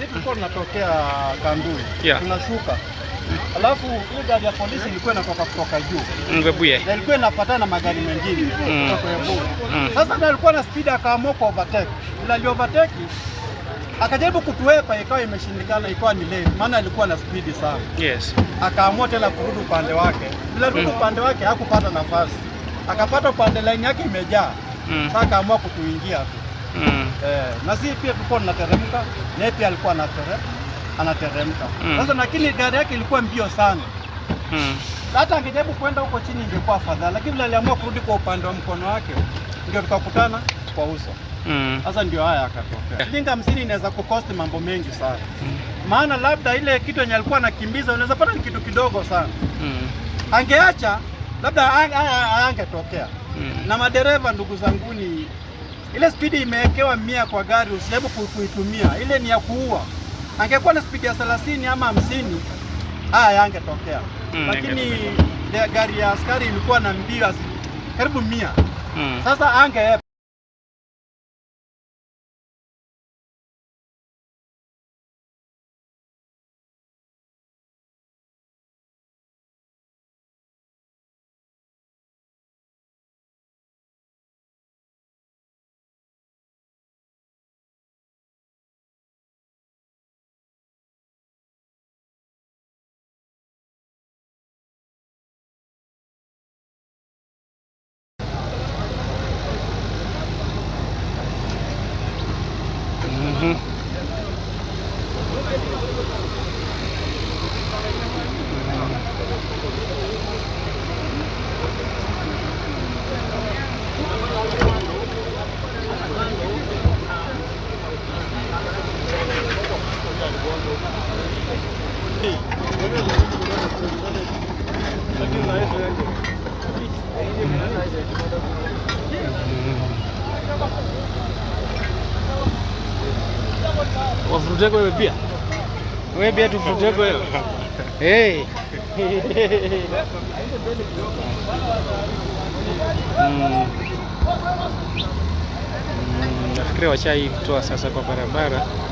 Sisi tulikuwa tunatokea Kandui yeah. tunashuka alafu ile gari ya polisi ilikuwa inatoka kutoka juu Ngwebuye, na ilikuwa inafuatana na magari mengine mm. mm. Sasa ndio alikuwa na speed, akaamua ku overtake, ila ali overtake akajaribu kutuwepa ikawa imeshindikana, ikawa ni late, maana alikuwa na speed sana. Yes, akaamua tena kurudi upande wake, bila rudi mm. upande wake hakupata nafasi, akapata upande line yake imejaa mm. Sasa akaamua kutuingia tu mm. Eh, na sisi pia tulikuwa tunateremka na pia alikuwa anateremka mm. sasa mm. Lakini gari yake ilikuwa mbio sana mm. Hata angejaribu kwenda huko chini ingekuwa afadhali, lakini vile aliamua kurudi kwa upande wa mkono wake ndio tukakutana kwa uso mm. sasa mm. Ndio haya akatokea. Shilingi hamsini inaweza kukosti mambo mengi sana mm. Maana labda ile kitu yenye alikuwa anakimbiza unaweza pata ni kitu kidogo sana mm. Angeacha labda haya angetokea mm. Na madereva ndugu zanguni ile spidi imewekewa mia kwa gari, usijaribu kuitumia, ile ni ya kuua. Angekuwa na spidi ya 30 ama hamsini, haya yangetokea mm, lakini gari ya askari ilikuwa na mbio karibu mia mm. Sasa ange Mm-hmm. ufurute wewe pia wewe pia tufurute wewe. Hey. Mm. Nafikiri washaitoa sasa kwa barabara.